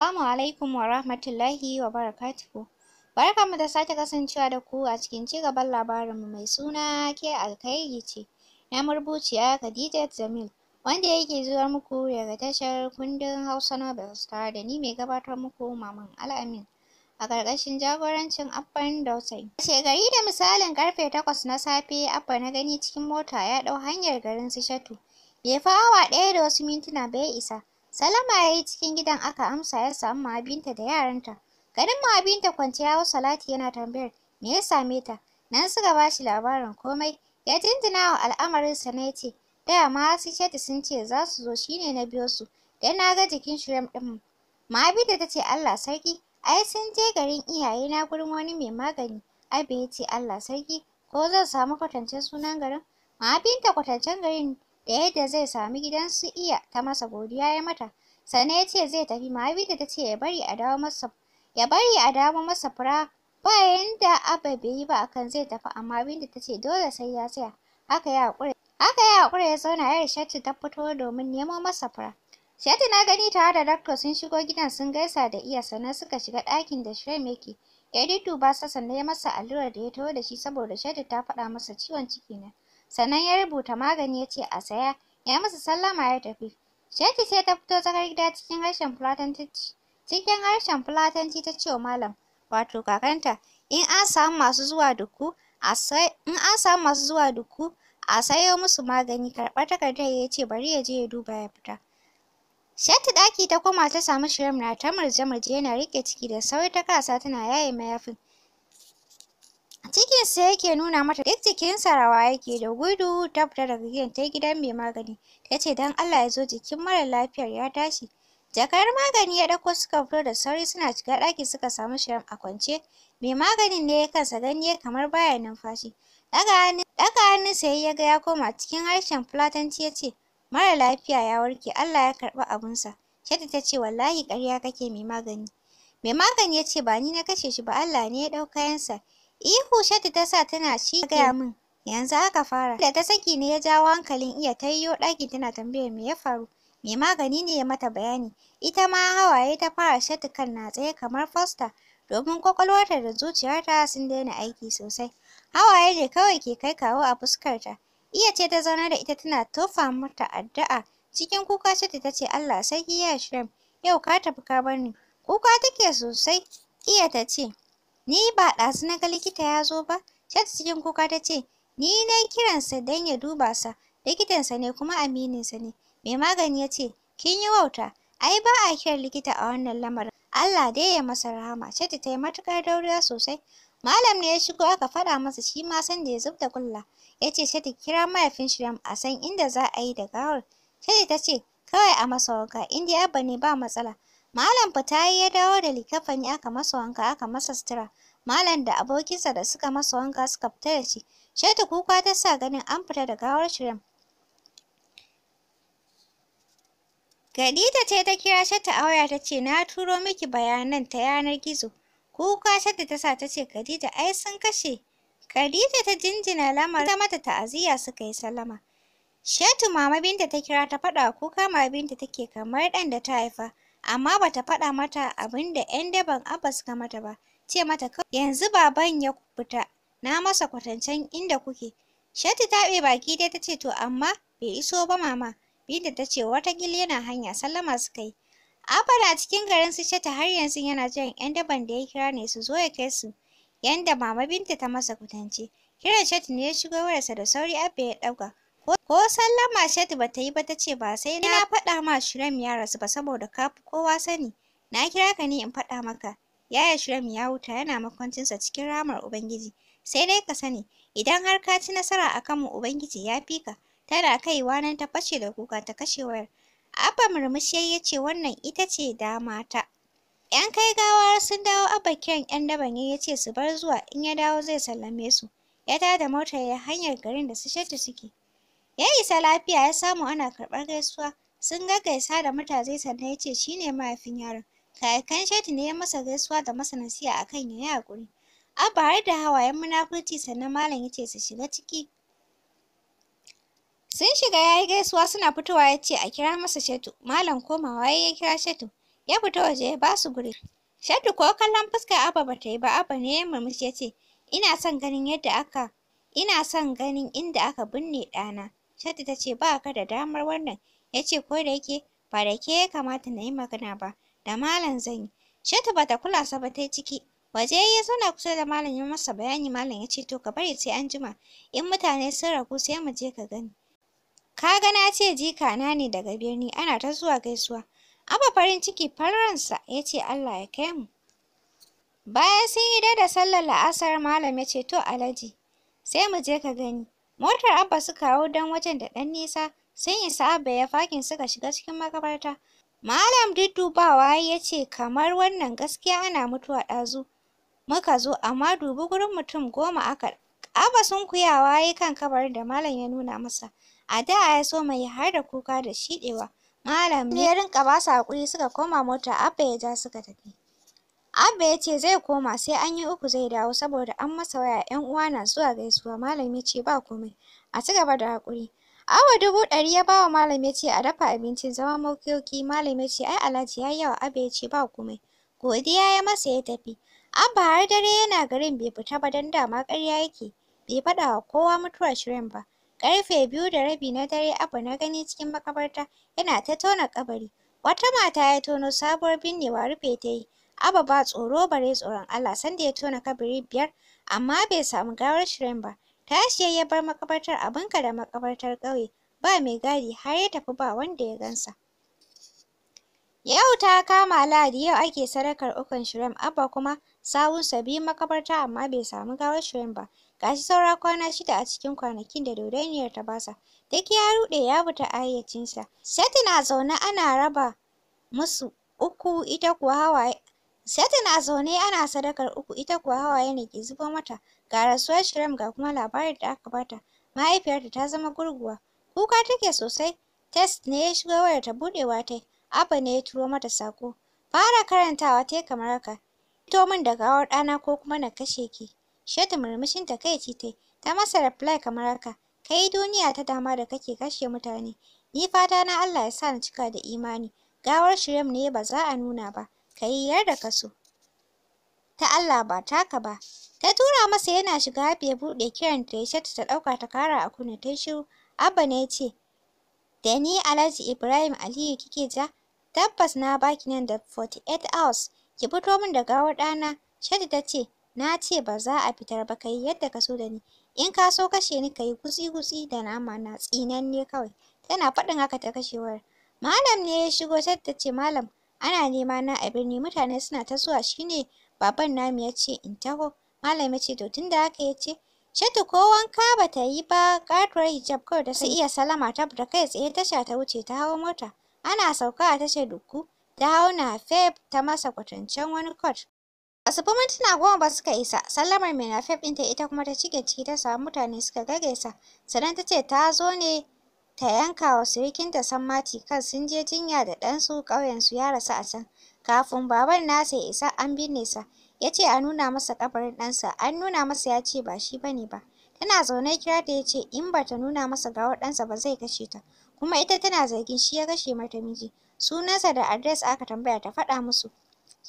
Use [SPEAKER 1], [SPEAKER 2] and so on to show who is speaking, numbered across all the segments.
[SPEAKER 1] Assalamu alaikum wa rahmatullahi wa barakatuhu. Barkanmu da sake kasancewa da ku a cikin cigaban labarinmu mai suna ke alkhairi ce na marubuciya Khadijat Jamil wanda yake zuwa muku daga tashar kundin Hausa nobel tare da ni mai gabatar muku Maman Al'amin a ƙarƙashin jagorancin Abban Dausayi. gari da misalin ƙarfe takwas na safe Abba na gani cikin mota ya ɗau hanyar garin su Shatu. Bai fi awa ɗaya da wasu mintuna bai isa. Salama ya yi cikin gidan aka amsa ya samu ma'abinta da yaranta. Ganin ma'abinta kwance ya Salati yana tambayar me ya same ta. Nan suka ba shi labarin komai. Ya jinjina wa al'amarin, na ya ce, Daya ma su sun ce za su zo shi ne na biyo su, Dan na ga jikin shirin ɗin. Ma'abinta ta ce Allah sarki, ai sun je garin iyayena gurin wani mai magani. Abe ya ce Allah sarki, ko zan samu kwatancen sunan garin? Ma'abinta kwatancen garin da yadda zai sami gidan su iya ta masa godiya ya mata sannan ya ce zai tafi Mahabida ta ce ya bari a dawo masa ya bari a dawo masa fura ba yanda Abba bai yi ba akan zai tafi amma Binta ta ce dole sai ya tsaya haka ya haƙura haka ya haƙura ya zauna ya Shatu ta fito domin nemo masa fura Shatu na gani tare da Dakto sun shigo gidan sun gaisa da iya sannan suka shiga ɗakin da Shrem yake ya dudduba sa sannan ya masa allurar da ya taho da shi saboda Shatu ta faɗa masa ciwon ciki ne sannan ya rubuta magani ya ce a saya ya masa sallama ya tafi sheki sai ta fito tsakar gida cikin harshen fulatanci cikin harshen fulatanci ta ce wa malam wato kakanta in an samu masu zuwa duku a in an samu masu zuwa duku a sayo musu magani karɓar takardar ya ce bari ya je ya duba ya fita Shatu ɗaki ta koma ta samu shirin na ta murje-murje yana riƙe ciki da sauri ta kasa tana yaye mayafin. cikin sa yake nuna mata duk jikinsa rawa yake da gudu ta fita daga gidan ta gidan mai magani. Ta ce don Allah ya zo jikin mara lafiyar ya tashi. Jakar magani ya ɗauko suka fito da sauri suna shiga ɗaki suka samu shirin a Mai maganin ne ya kansa ya kamar baya numfashi. Ɗaka hannu sai ya ga ya koma cikin harshen Fulatanci ya ce, Mara lafiya ya warke, Allah ya karɓi abun sa ta ce, Wallahi ƙarya kake mai magani. Mai magani ya ce, Ba ni na kashe shi ba, Allah ne ya ɗau kayansa. Ihu Shatu ta sa tana shi gaya min. Yanzu aka fara. Da ta saki ne ya jawo hankalin iya ta yiwo ɗaki tana tambayar me ya faru. Mai magani ne ya mata bayani. Ita ma hawaye ta fara shati kan na tsaye kamar fosta. Domin kwakwalwarta da zuciyarta sun daina aiki sosai. Hawaye ne kawai ke kai kawo a fuskarta. Iya ce ta zauna da ita tana tofa mata addu'a. Cikin kuka shati ta ce Allah sarki ya Yau ka tafi ka bar ni. Kuka take sosai. Iya ta ce. Ni ba ɗasu na ga likita ya zo ba? chat cikin kuka ta ce, Ni na kiransa don ya duba sa, likitansa ne kuma amininsa ne. Mai magani ya ce, Kin yi wauta, ai ba a kiran likita a wannan lamarin. Allah dai ya masa rahama. chat ta yi matuƙar dauriya sosai. Malam ne ya shigo aka faɗa masa shi ma san da ya zub kulla. Ya ce chat kira mahaifin Shiram a san inda za a yi da gawar. chat ta ce kawai a masa wanka in dai Abba ne ba matsala. Malam fita ya dawo da likafani aka masa wanka aka masa sutura. Malam da abokinsa da suka masa wanka suka fita da shi. Shetu kuka ta sa ganin an fita da gawar shirin. Gadita ce ta kira Shetu a waya ta ce na turo miki bayanan ta yanar gizo. Kuka Shetu ta sa ta ce Khadija ai sun kashe. Khadija ta jinjina lamar ta mata ta'aziyya suka yi salama. Shetu mama Binta ta kira ta faɗa kuka mama Binta take kamar ɗan da ta haifa. amma bata faɗa mata abinda 'yan daban Abba suka mata ba ce mata kawai yanzu baban ya fita na masa kwatancen inda kuke Shatu ta ɓe baki dai tace to amma bai iso ba mama Binta tace gili yana hanya sallama suka yi Abba na cikin garin su Shatu har yanzu yana jiran 'yan daban da ya kira ne su zo ya kai su yanda mama Binta ta masa kwatance kiran Shatu ne ya shigo wayarsa da sauri Abba ya ɗauka Ko sallama Shadi ba ta yi ba ta ce ba sai na faɗa ma shiram ya rasu ba saboda ka kowa sani. Na kira ka ne in faɗa maka. Yaya shiram ya wuta yana makwancinsa cikin ramar Ubangiji. Sai dai ka sani, idan har ka ci nasara a kanmu Ubangiji ya fi ka. Tana kaiwa nan ta fashe da kuka ta kashe wayar. Abba murmushi ya ce wannan ita ce dama ta. ‘Yan kai gawa sun dawo Abba kiran ‘yan daban ya ce su bar zuwa in ya dawo zai sallame su. Ya tada motar ya hanyar garin da su shatta suke. Ya isa lafiya ya samu ana karɓar gaisuwa. Sun gaggaisa da mutane sannan ya ce shi ne mahaifin yaron. Kakan Shatu ne ya masa gaisuwa da masa nasiha a kan yayi haƙuri. Abba har da hawayen munafurci sannan malam ya ce su shiga ciki. Sun shiga ya yi gaisuwa suna fitowa ya ce a kira masa Shetu. Malam komawa ya ya kira Shatu. Ya fita waje ya ba su guri. Shatu ko kallon fuskar Abba ba ta yi ba Abba ne ya murmushi ya ce ina son ganin yadda aka ina son ganin inda aka binne ɗana. Shatu ta ce ba ka da damar wannan. Ya ce ko da yake ba da ke ya kamata na yi magana ba, da malam zan yi. Shatu ba ta kula sa ba ta yi ciki. Waje ya zauna kusa da malam ya masa bayani malam ya ce to ka bari sai an jima. In mutane sun ragu sai mu je ka gani. Ka ga na ce jika na ne daga birni ana ta zuwa gaisuwa. Aba farin ciki farransa ya ce Allah ya kai mu. Bayan sun yi da sallar la'asar malam ya ce to alhaji sai mu je ka gani. Motar Abba suka hau don wajen da ɗan nisa, sai Abba ya fakin suka shiga cikin makabarta. Malam duddubawa ya ce kamar wannan gaskiya ana mutuwa ɗazu. Muka zo amma dubi gurin mutum goma aka Abba sunkuyawa ya yi kan kabarin da malam ya nuna masa. A da ya so mai har da kuka da shiɗewa. Malam ya rinƙa ba su haƙuri suka koma mota Abba ya ja suka tafi. Abba ya ce zai koma sai an yi uku zai dawo saboda an masa waya ‘yan uwa na zuwa gaisuwa, malam ya ce ba komai, a ci gaba da haƙuri. Awa dubu ɗari ya bawa malam ya ce a dafa abincin zama makoki, malam ya ce ai alhaji ya yi yawa, Abba ya ce ba komai. Godiya ya masa ya tafi. Abba har dare yana garin bai fita ba don dama ƙarya yake, bai faɗa wa kowa mutuwar Shirin ba. Ƙarfe biyu da rabi na dare Abba na gani cikin makabarta yana ta tona ƙabari. Wata mata ya tono sabuwar binnewa rufe ta yi. Abba ba tsoro bare tsoron Allah sanda ya tona kabiri biyar amma bai samu gawar Shirin ba. Tashi ya bar makabartar abinka da makabartar ƙauye ba mai gadi har ya tafi ba wanda ya gansa. Yau ta kama Lahadi yau ake sadakar ukun shirin Abba kuma sawunsa biyu makabarta amma bai samu gawar shirin ba. Gashi saura kwana shida a cikin kwanakin da dodaniyar ta basa. Duk ya ruɗe ya ayyacin sa. Sai tana zaune ana raba musu uku ita kuwa hawaye Sai tana zaune ana sadakar uku ita kuwa hawaye ne ke zubo mata ga rasuwar Shirem ga kuma labarin da aka bata mahaifiyarta ta zama gurguwa. Kuka take sosai test ne ya shigo wayar ta buɗewa tai Abba ne ya turo mata saƙo. Fara karantawa yi kamar haka. Fito min da gawar ɗana ko kuma na kashe ki. Shatu murmushin takaici tai ta masa reply kamar haka. Kai duniya ta dama da kake kashe mutane. Ni fata na Allah ya sa na cika da imani. Gawar Shirem ne ba za a nuna ba. ka yi yadda ka so. Ta Allah ba taka ba. Ta tura masa yana shiga hafi ya buɗe kiran ta ta ɗauka ta kara a kunne ta shiru. Abba ne ya ce, da ni Alhaji Ibrahim Aliyu kike ja? Tabbas na baki nan da 48 hours. Ki fito min da gawar ɗana. Shadi ta ce, na ce ba za a fitar ba ka yi yadda ka so da ni. In ka so kashe ni ka yi gutsi-gutsi da nama na tsinanne kawai. Tana faɗin haka ta kashe Malam ne ya shigo Shadi ta ce, malam ana nema na a birni mutane suna ta zuwa shine baban namu ya ce in taho malam ya ce to tunda haka ya ce Shatu ko wanka ba ta yi ba ƙatuwar hijab kawai da su iya salama ta da kai tsaye tasha ta wuce ta hawo mota ana sauka a tashar Dukku ta hau fef ta masa kwatancen wani kot Asubu mintuna goma ba suka isa, sallamar mai nafef ɗinta ita kuma ta cike ciki ta samu mutane suka gagaisa sannan ta ce ta zo ne ta yanka wa sirikinta sammati kan sun je jinya da ɗansu su ya rasu a can. Kafin baban nasa ya isa an binne sa, ya ce a nuna masa ƙabarin ɗansa, an nuna masa ya ce ba shi bane ba. Tana zaune kira da ya ce in ba ta nuna masa gawar ɗansa ba zai kashe ta, kuma ita tana zargin shi ya kashe mata miji. Sunansa da adres aka tambaya ta faɗa musu.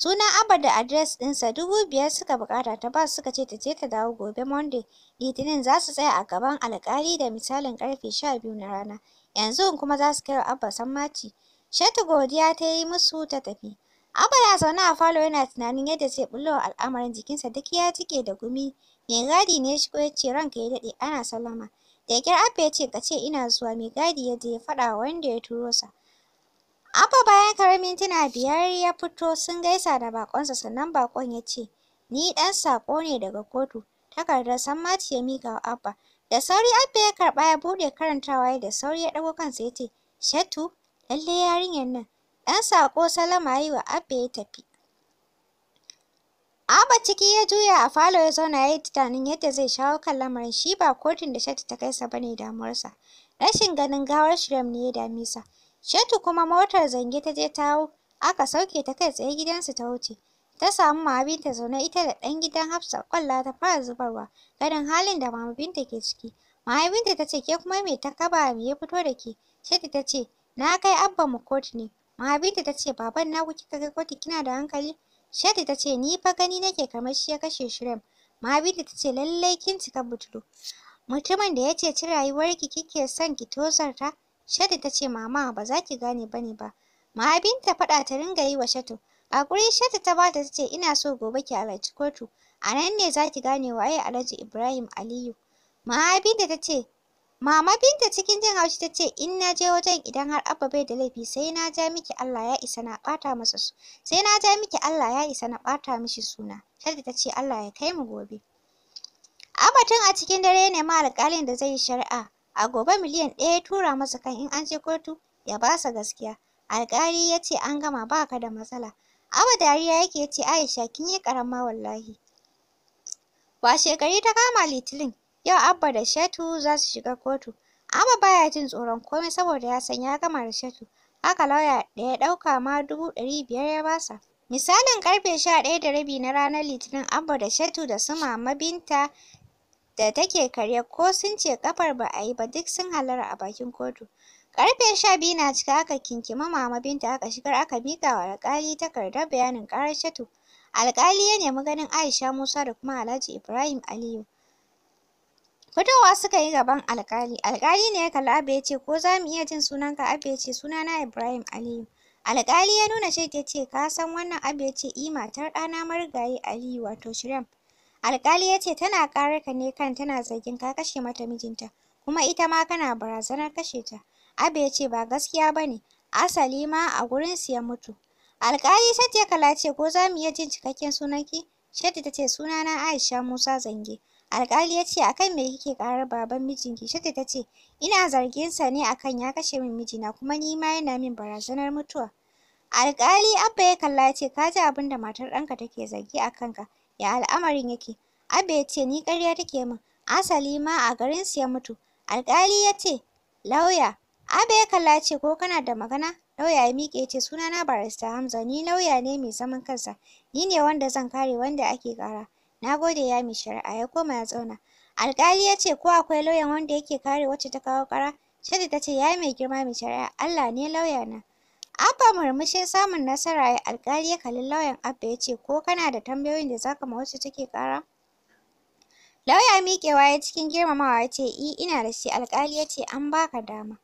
[SPEAKER 1] Sunan Abba da adres ɗinsa dubu biyar suka bukata ta ba suka ce ta je ta dawo gobe Monday. Litinin za su tsaya a gaban alkali da misalin karfe sha biyu na rana. Yanzu kuma za su kai wa Abba sammaci. Shatu godiya ta yi musu ta tafi. Abba na zaune a falo yana tunanin yadda zai ɓullo wa al'amarin jikinsa duk ya cike da gumi. Mai gadi ne ya shigo ya ce ranka ya daɗe ana salama, Da ƙyar Abba ya ce ka ce ina zuwa mai gadi ya je ya faɗa wanda ya turo sa. Abba bayan karar mintuna biyar ya fito sun gaisa da bakonsa sannan bakon ya ce, Ni ɗan saƙo ne daga kotu. Takardar Sammatu ya miƙa wa Abba. Da sauri Abba ya karɓa ya buɗe karantawa ya da sauri ya ɗago kansa ya ce, Shatu, lallai yarinyar nan. Ɗan saƙo Salama yi wa Abba ya tafi. Abba ciki ya juya a falo ya zauna ya yi tunanin yadda zai shawo kan lamarin shi ba kotun da Shatu ta kai sa ba ne damuwarsa. Rashin ganin gawar Shirem ne ya dame sa. Shetu kuma motar zange ta je ta hau, aka sauke ta kai tsaye gidansu ta wuce. Ta samu Mama Binta zaune ita da ɗan gidan Hafsa ƙwalla ta fara zubarwa, ganin halin da Mama Binta ke ciki. Mama Binta ta ce, ke kuma me ta kaba me ya fito da ke? Shetu ta ce, na kai mu kotu ne. Mama Binta ta ce, baban naku kika kai kotu kina da hankali? Shetu ta ce, ni fa gani nake kamar shi ya kashe shirin. Mama ta ce, lallai kin cika buturu. Mutumin da ya ci rayuwarki kike son ki tozarta? Shatu ta ce mama ba za ki gane ba ne ba. ta faɗa ta ringa yi wa Shatu. A guri Shatu ta bata ta ce ina so gobe ki halarci kotu. A nan ne za ki gane waye Alhaji Ibrahim Aliyu. Mahabin ta ce Mama Binta cikin jin haushi ta ce in na je wajen idan har Abba bai da laifi sai na ja miki Allah ya isa na ɓata masa su. Sai na ja miki Allah ya isa na ɓata mishi suna. Shatu ta ce Allah ya kai mu gobe. Abba a cikin dare ne ma alƙalin da zai yi shari'a. a gobe miliyan ɗaya ya tura masa kan in an je kotu ya ba sa gaskiya alƙali ya ce an gama ba ka da matsala Aba dariya yake ce Aisha kin yi ƙarama wallahi washe gari ta kama Litinin yau Abba da Shatu za su shiga kotu Aba baya jin tsoron komai saboda ya san ya gama da Shatu haka lauya da ya ɗauka ma dubu ɗari biyar ya ba sa. misalin karfe sha ɗaya da rabi na ranar Litinin Abba da Shatu da su Mama Binta da take karya ko sun ce kafar ba a yi ba duk sun halara a bakin kotu. Karfe sha biyu na cika aka kinkimi Mama Binta aka shigar aka miƙa wa alkali takardar bayanin karar Shatu. alkali ya nemi ganin Aisha Musa da kuma Alhaji Ibrahim Aliyu. Fitowa suka yi gaban alkali. Alkali ne ya kalli Abba ya ce ko za mu iya jin sunanka Abba ya ce sunana Ibrahim Aliyu. Alkali ya nuna shaida ya ce ka san wannan Abba ya ce i eh, matar ɗana marigayi Aliyu wato Shirem. Alƙali ya ce tana ka ne kan tana zargin ka kashe mata mijinta, kuma ita ma kana barazanar kashe ta. Abba ya ce ba gaskiya ba ne, asali ma a gurin siyan mutu. Alƙali Shadda ya ce ko za mu iya jin cikakken sunanki? Shadda ta ce na Aisha Musa Zange. Alƙali ya ce akan me kike ƙarar baban mijinki? Shadda ta ce ina zargin sa ne akan ya kashe min mijina kuma ni ma yana min barazanar mutuwa. Alƙali Abba ya kalla ya ce ka ji abin da matar ɗanka take zargi a kanka. ya al'amarin yake Abba ya ce ni ƙarya take min asali ma a garinsu ya mutu alƙali ya ce lauya Abba ya kalla ce ko kana da magana lauya ya miƙe ce sunana barista Hamza ni lauya ne mai zaman kansa ni ne wanda zan kare wanda ake ƙara na gode ya mai shari'a ya koma ya zauna alƙali ya ce ko akwai lauyan wanda yake kare wacce ta kawo ƙara Shadda ta ce ya mai girma mai shari'a Allah ne lauya na Abba murmushin samun nasara ya alƙali ya kalli lauyan Abba ya ce, ko kana da tambayoyin da za ka ma wasu take ƙara? Lauya miƙewa ya cikin girmamawa ya ce, i eh, ina da shi alƙali ya ce, an baka dama.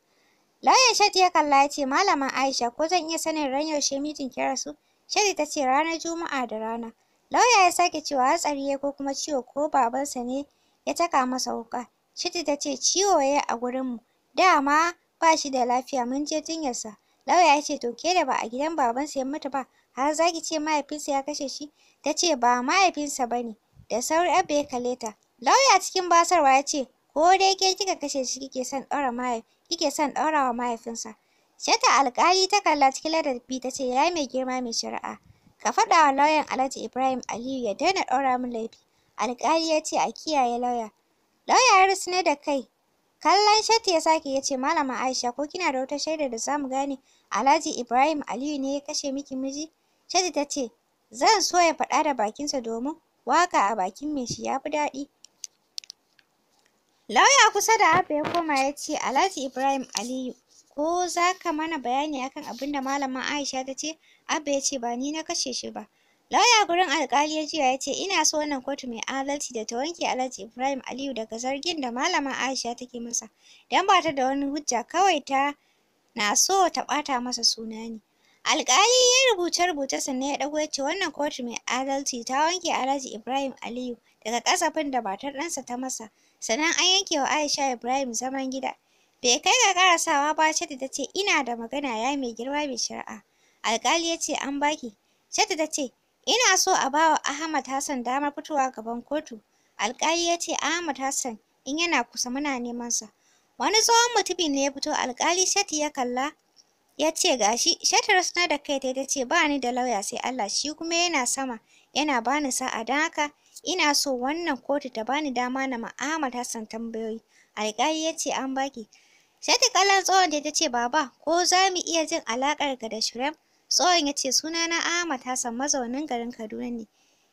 [SPEAKER 1] Lauyan Shadi ya kalla ya ce, malama Aisha ko zan iya sanin ran yaushe mitin kira rasu? Shadi ta ce, ranar Juma'a da rana. Lauya ya sake cewa hatsari ya ko kuma ciwo ko babansa ne ya taka masa wuƙa. Shadi ta ce, ciwo ya yi a gurinmu, dama ba shi da lafiya mun je jinyarsa. Lauya ya ce to ke da ba a gidan babansa ya mutu ba har za ki ce mahaifinsa ya kashe shi? Ta ce ba mahaifinsa ba ne. Da sauri Abba ya kalle ta. Lauya cikin basarwa ya ce ko dai ke kika kashe shi kike son ɗora mahaif, kike son ɗora wa mahaifinsa. Shata alƙali ta kalla cikin ladabi ta ce ya mai girma mai shari'a. Ka faɗa wa lauyan Alhaji Ibrahim Aliyu ya daina ɗora min laifi. Alƙali ya ce a kiyaye lauya. Lauya ya rusuna da kai. Kallon Shata ya sake ya ce Malama Aisha ko kina da wata shaida da za mu gane Alhaji Ibrahim Aliyu ne ya kashe miki miji? Shadi ta ce, Zan so ya faɗa da bakinsa domin waka a bakin mai shi ya fi daɗi. Lauya kusa da Abba ya koma ya ce, Alhaji Ibrahim Aliyu, ko za ka mana bayani akan abin da malama Aisha ta ce? Abba ya ce, ba ni na kashe shi ba. Lauya gurin Alkali ya juya ya ce, ina so wannan kotu mai adalci da ta wanke Alhaji Ibrahim Aliyu daga zargin da malama Aisha take masa, don ba ta da wani hujja kawai ta na so ta ɓata masa suna ne. Alƙali ya rubuce-rubuce sannan ya ɗago ya ce wannan kotu mai adalci ta wanke Alhaji Ibrahim Aliyu daga kasafin da matar ɗansa ta masa, sannan an yanke wa Aisha Ibrahim zaman gida. Bai kai ga karasawa ba Shadda ta ce ina da magana ya mai girma mai shari'a. Alƙali ya ce an baki. Shadda ta ce ina so a ba wa Ahmad Hassan damar fitowa gaban kotu. Alƙali ya ce Ahmad Hassan in yana kusa muna neman sa. Wani tsohon mutumin ne ya fito alƙali Shati ya kalla ya ce gashi Shati Rasuna da kai ta ce ba ni da lauya sai Allah shi kuma yana sama yana bani sa'a don haka ina so wannan kotu ta bani dama na ma'amar Hassan tambayoyi. Alƙali ya ce an baki. Shati kallon tsohon ta ce baba ko za mu iya jin alaƙarka da Shurem? Tsohon ya ce sunana Ahmad Hassan mazaunin garin Kaduna ne.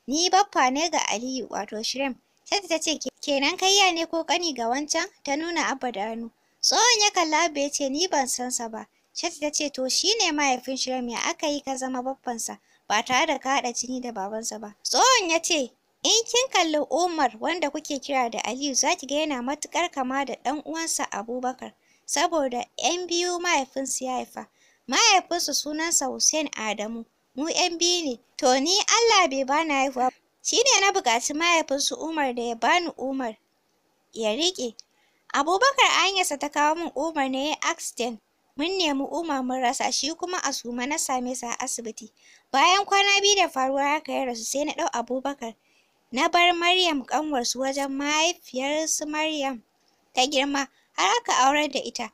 [SPEAKER 1] Ni baffa ne ga Aliyu wato Shirem. Sai ta ce Kenan kayya ne ko kani ga wancan? Ta nuna Abba da hannu. Tsohon ya kalla Abba ya ce ni ban san sa ba. Shatu ta ce to shi ne mahaifin shirin ya aka yi ka zama babbansa ba tare da ka haɗa jini da babansa ba. Tsohon ya ce in kin kalli Umar wanda kuke kira da Aliyu za ki ga yana matuƙar kama da ɗan uwansa Abubakar saboda ‘yan biyu mahaifinsu ya haifa. Mahaifinsu sunansa Hussein Adamu, mu ‘yan biyu ne, to ni Allah bai bani haihuwa Shi ne na buƙaci mahaifinsu Umar da ya bani Umar ya riƙe. Abubakar anyasa ta kawo min Umar na ya accident. Mun nemi Umar mun rasa shi kuma a suma na same sa a asibiti. Bayan kwana biyu da faruwa haka ya rasu sai na ɗau Abubakar. Na bar Maryam ƙanwarsu wajen mahaifiyarsu Maryam ta girma har aka aurar da ita.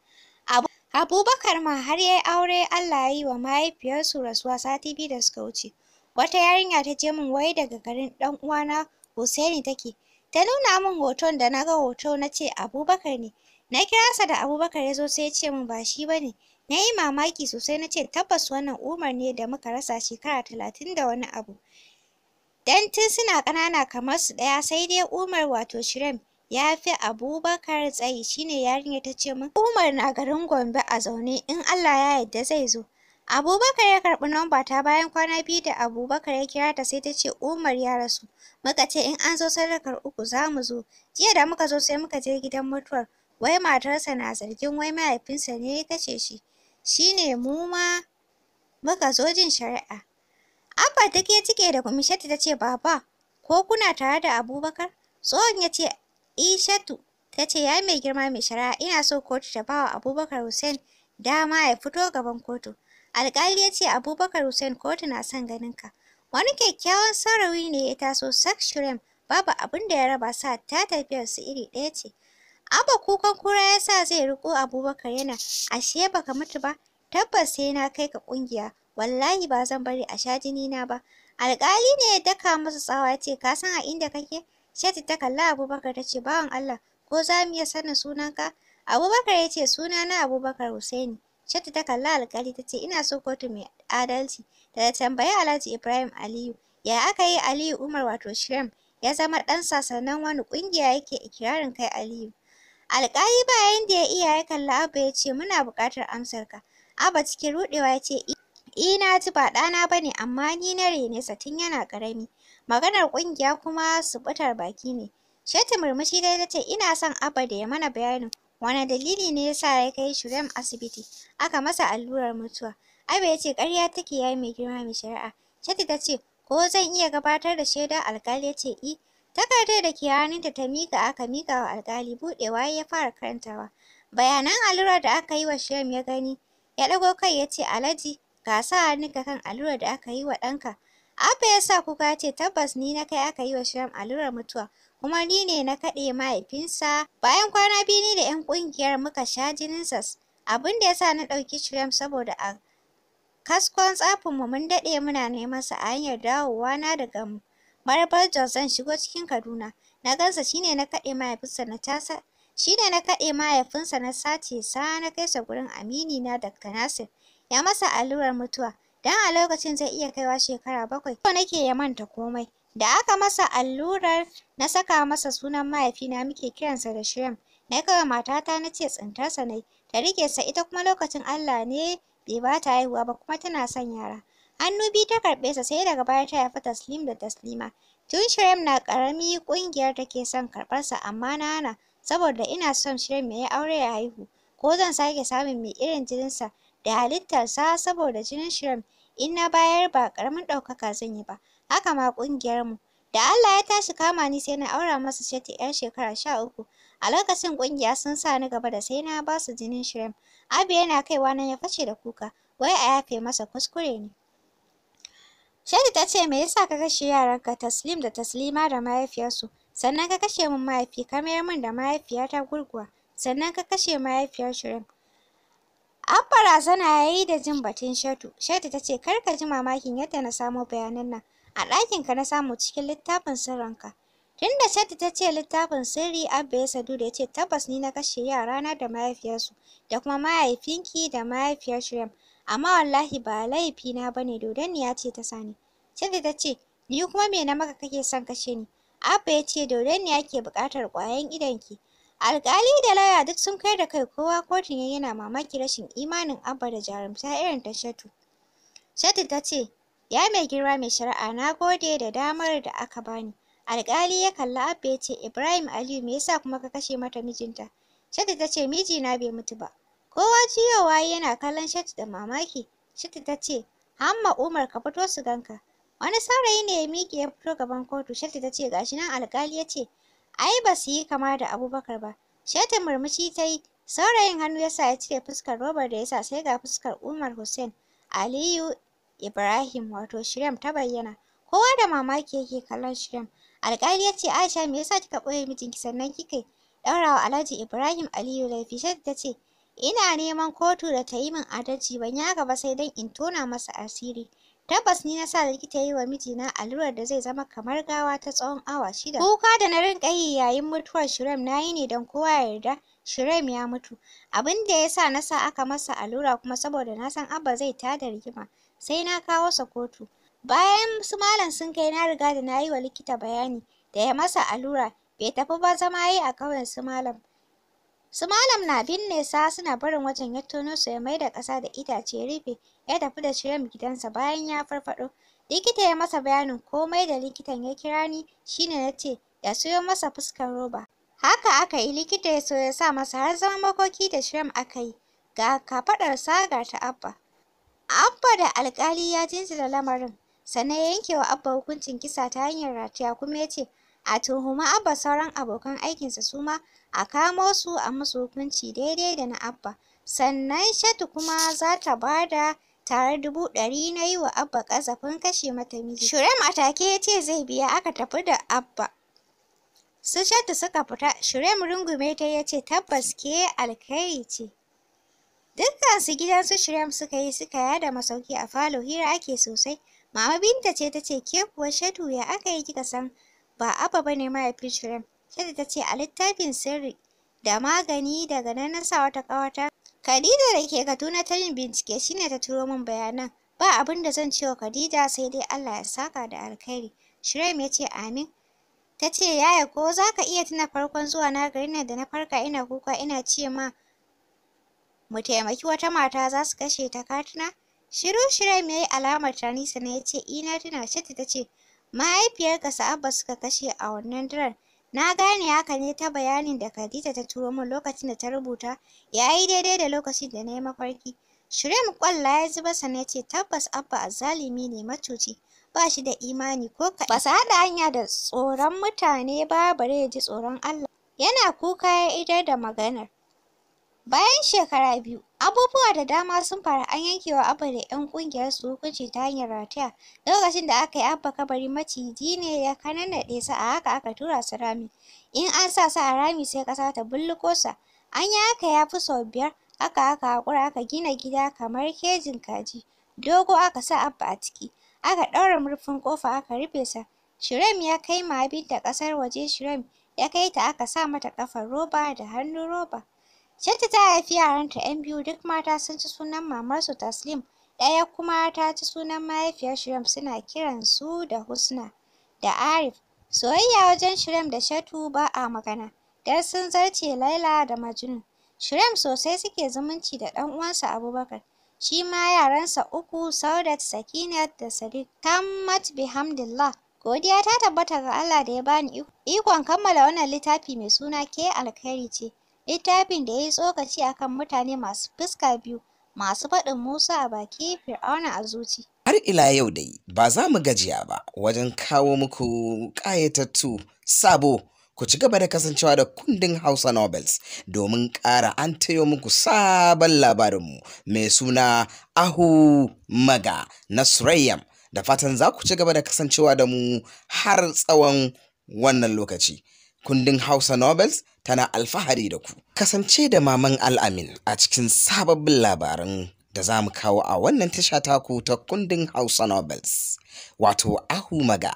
[SPEAKER 1] Abubakar ma har ya yi aure Allah ya yi wa mahaifiyarsu rasuwa sati biyu da suka wuce. Wata yarinya ta je min wai daga garin ɗan uwana Hussaini take. Ta nuna min hoton da na ga hoto na ce Abubakar ne. Na kira sa da Abubakar ya zo sai ya ce min ba shi ba ne. Na yi mamaki sosai na ce tabbas wannan Umar ne da muka rasa shekara talatin da wani abu. Dan tun suna ƙanana kamar su ɗaya sai dai Umar wato Shirem ya fi Abubakar tsayi shine yarinya ta ce min Umar na garin Gombe a zaune in Allah ya yarda zai zo. Abubakar ya karɓi nomba ta bayan kwana biyu da Abubakar ya kira ta sai ta ce Umar ya rasu. Muka ce in an zo sadakar uku za mu zo. Jiya da muka zo sai muka je gidan mutuwar. Wai matarsa na zargin wai mahaifinsa ne ya kashe shi. Shi ne mu ma muka zo jin shari'a. Abba duk ya cike da gumishatu ta ce baba ko kuna tare da Abubakar? Tsohon ya ce Ishatu ta ce ya mai girma mai shari'a ina so kotu ta ba wa Abubakar Hussein dama ya fito gaban kotu. Alƙali ya ce Abubakar Hussein kotu na son ka Wani kyakkyawan saurayi ne ya taso sex shrem babu abin da ya raba sa ta tafiyar su iri ɗaya ce. Abba kukan kura ya sa zai riƙo Abubakar yana ashe baka mutu ba tabbas sai na kai ka ƙungiya wallahi ba zan bari a sha jini na ba. Alƙali ne ya daka masa tsawa ya ce ka san a inda kake? Shati ta kalla Abubakar ta ce bawan Allah ko za mu iya sanin sunanka? Abubakar ya ce na Abubakar Hussaini. Shatu ta kalla alƙali ta ce ina so kotu mai adalci da ta tambayi Alhaji Ibrahim Aliyu ya aka yi Aliyu Umar wato Shirem ya zama ɗansa sannan wani ƙungiya yake ikirarin kai Aliyu. Alƙali ba da ya iya ya kalli Abba ya ce muna buƙatar amsarka. Abba cikin ruɗewa ya ce i na ji ba ɗana ba ne amma ni na rene sa tun yana ƙarami. Maganar ƙungiya kuma suɓutar baki ne. shetu murmushi dai ta ce ina son Abba da ya mana bayanin Wane dalili ne ya sa ya kai Shurem asibiti aka masa allurar mutuwa? Abba yace ce ƙarya take ya mai girma mai shari'a. Shati ta ce ko zan iya gabatar da shaida alƙali ya ce i. Takardar da ke hannunta ta miƙa aka miƙa wa alƙali buɗewa ya fara karantawa. Bayanan allurar da aka yi wa shem ya gani ya ɗago kai ya ce Alhaji ga sa hannunka kan allurar da aka yi wa ɗanka. Abba ya sa kuka ce tabbas ni na kai aka yi wa shem allurar mutuwa. kuma ni ne na kaɗe mahaifinsa. Bayan kwana biyu ni da 'yan ƙungiyar muka sha jininsa, abin da ya sa na ɗauki Shirem saboda a kaskon tsafinmu mun daɗe muna neman sa a hanyar dawowa na daga Marabar Jos zan shigo cikin Kaduna. Na gansa shi ne na kaɗe mahaifinsa na tasa shi ne na kaɗe mahaifinsa na sace sa na kai sa gurin amini na da Nasir. Ya masa allurar mutuwa, dan a lokacin zai iya kaiwa shekara bakwai. Yau nake ya manta komai. Da aka masa allurar na saka masa sunan mahaifina muke kiransa da Shiram. Na yi kawai matata na ce tsintarsa ne ta rike sa ita kuma lokacin Allah ne bai ba ta haihuwa ba kuma tana son yara. Hannu biyu ta karɓe sa sai daga baya ta haifi Taslim da Taslima. Tun Shiram na ƙarami ƙungiyar take son karɓarsa amma na hana saboda ina son Shiram ya yi aure ya haihu. Ko zan sake samun mai irin jininsa da halittarsa saboda jinin Shiram in na bayar ba ƙaramin ɗaukaka zan yi ba. haka ma ƙungiyarmu. Da Allah ya tashi kama ni sai na aura masa Shatu 'yar shekara sha uku. A lokacin ƙungiya sun sa ni gaba da sai na ba su jinin shirin. Abi yana kaiwa nan ya fashe da kuka, wai a yafe masa kuskure ne. Shatu ta ce me yasa ka kashe yaran ka Taslim da Taslima da mahaifiyarsu, sannan ka kashe min mahaifi ka mayar min da mahaifiyata gurguwa, sannan ka kashe mahaifiyar shirin? An barazana ya yi da jin batun Shatu. Shatu ta ce kar ka ji mamakin yadda na samo bayanan nan. a ɗakinka na samu cikin littafin sirrinka. Tun da Shatu ta ce littafin sirri Abba ya sadu da ya tabbas ni na kashe yarana da mahaifiyarsu da kuma mahaifinki da mahaifiyar Shirem. Amma wallahi ba laifina ba ne dodonniya ce ta sani. Shatu ta ce ni kuma me na maka kake son kashe ni? Abba ya ce dodonniya ke buƙatar ƙwayan idonki. Alƙali da laya duk sun kai da kai kowa kotun yana mamaki rashin imanin Abba da jarumta irin ta Shatu. Shatu ta ce Ya mai girma mai shari'a na gode da damar da aka bani. Alƙali ya kalli Abba ya ce Ibrahim Aliyu me yasa kuma ka kashe mata mijinta? Shatu ta ce mijina bai mutu ba. Kowa jiyowa yana kallon Shatu da mamaki. Shatu ta ce Hamma Umar ka fito su ganka. Wani saurayi ne ya miƙe ya fito gaban kotu. Shata ta ce gashi nan alƙali ya ce ai ba su yi kama da Abubakar ba. Shatu murmushi ta yi saurayin hannu ya sa ya cire fuskar robar da ya sa sai ga fuskar Umar Hussein Aliyu Ibrahim wato shiram ta bayyana. Kowa da mamaki yake kallon shiram. Alƙali ya ce Aisha me yasa kika ɓoye ki sannan kika ɗaura Alhaji Ibrahim Aliyu laifi? Shadda ta ce ina neman kotu da ta yi min adalci ban yi haka ba sai dan in tona masa asiri. Tabbas ni na sa likita yi wa mijina allurar da zai zama kamar gawa ta tsawon awa shida. Kuka da na rinƙa yi yayin mutuwar shiram na yi ne don kowa ya yarda shiram ya mutu. Abin da ya sa na sa aka masa allura kuma saboda na san Abba zai tada rigima. sai na kawo sa kotu. Bayan su malam sun kai na riga da na yi wa likita bayani da ya masa allura bai tafi ba zama yi a ƙauyen su malam. Su malam na binne sa suna barin wajen ya tono su ya maida ƙasa da itace ya rufe ya tafi da shirin gidansa bayan ya farfaɗo. Likita ya masa bayanin komai da likitan ya kira ni shine na ce ya siyo masa fuskar roba. Haka aka yi likita ya so ya sa masa har zama makoki da shirin aka yi ga kafaɗar Saga ta Abba. Abba da alkali ya da lamarin, sannan ya yanke wa Abba hukuncin kisa ta hanyar rataya kuma ya ce a tuhuma Abba sauran abokan aikinsa su ma a kamo su a musu hukunci daidai da na Abba. Sannan Shatu kuma za ta ba da tare dubu ɗari na yi wa Abba ƙazafin kashe mata miji. Shurem a ya ce zai biya aka tafi da Abba. Su Shatu suka fita, Shurem rungume ta ya ce tabbas ke alkhairi ce. Dukkansu gidan su Shirem suka yi suka yada masauki a falo hira ake sosai. Mama Binta ce ta ce ke kuwa Shadu ya aka yi kika san ba Aba bane, ne mahaifin Shirem. Shadu ta ce a littafin sirri da magani daga nan na sa wata kawata. Khadija da ke tuna ta yin bincike shine ta turo min bayanan. Ba abin da zan cewa Khadija sai dai Allah ya saka da alkhairi. Shirem ya ce amin. Ta ce yaya ko za ka iya tuna farkon zuwa na garin nan da na farka ina kuka ina ce ma mu taimaki wata mata za su kashe ta katina? Shiru Shirem ya yi alamar Tanisa ne ya ce, Ina tuna Shatu ta ce, Mahaifiyarka Sa'abba suka kashe a wannan daren. Na gane haka ne ta bayanin da Khadija ta turo min lokacin da ta rubuta, ya yi daidai da lokacin da na yi mafarki. Shirem ƙwallo ya zuba sannan ya ce, Tabbas Abba azzalumi ne macuci ba shi da imani ko ka Ba su haɗa hanya da tsoron mutane ba bare ya ji tsoron Allah. Yana kuka ya idar da maganar. Bayan shekara biyu, abubuwa da dama sun faru an yanke wa Abba da 'yan ƙungiyar su hukunci ta hanyar rataya. Lokacin da aka yi Abba kabari maciji ne ya kanannaɗe su a haka aka tura su rami. In an sa su a rami sai ƙasa ta bulluko sa. An yi haka ya fi sau biyar, Aka aka haƙura aka gina gida kamar kejin kaji. Dogo aka sa Abba a ciki, aka ɗaura murfin ƙofa aka rufe sa. Shirem ya kai ma abinda ƙasar waje Shirem ya kai ta aka sa mata ƙafar roba da hannun roba. Shatu ta haifi yaranta ‘yan biyu duk mata sun ci sunan mamarsu Taslim, ɗaya kuma ta ci sunan mahaifiyar Shirem suna kiran su da Husna da Arif. Soyayya wajen Shirem da Shatu ba a magana, don sun zarce Laila da Majnun. Shirem sosai suke zumunci da ɗan uwansa Abubakar. Shi ma yaransa uku Saudat, Sakinat da Sadiq. Tammat bihamdillah. Godiya ta tabbata ga Allah da ya bani ikon kammala wannan littafi mai suna ke alkhairi ce. littafin da ya yi tsokaci a kan mutane masu fuska biyu masu faɗin musa a baki fir'auna a zuci har ila yau dai ba za mu gajiya ba wajen kawo muku ƙayatattu sabo ku ci gaba da kasancewa da kundin Hausa Novels domin ƙara an tayo muku sabon labarinmu mai suna Ahu Maga na Surayyam da fatan za ku ci gaba da kasancewa da mu har tsawon wannan lokaci. Kundin Hausa Novels tana alfahari da ku. Kasance da maman al'amin a cikin sababbin labaran da za mu kawo a wannan tasha taku ta kundin Hausa Nobels, wato Ahu Maga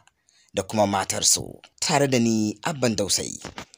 [SPEAKER 1] da kuma matarsu, tare da ni Abban Dausayi.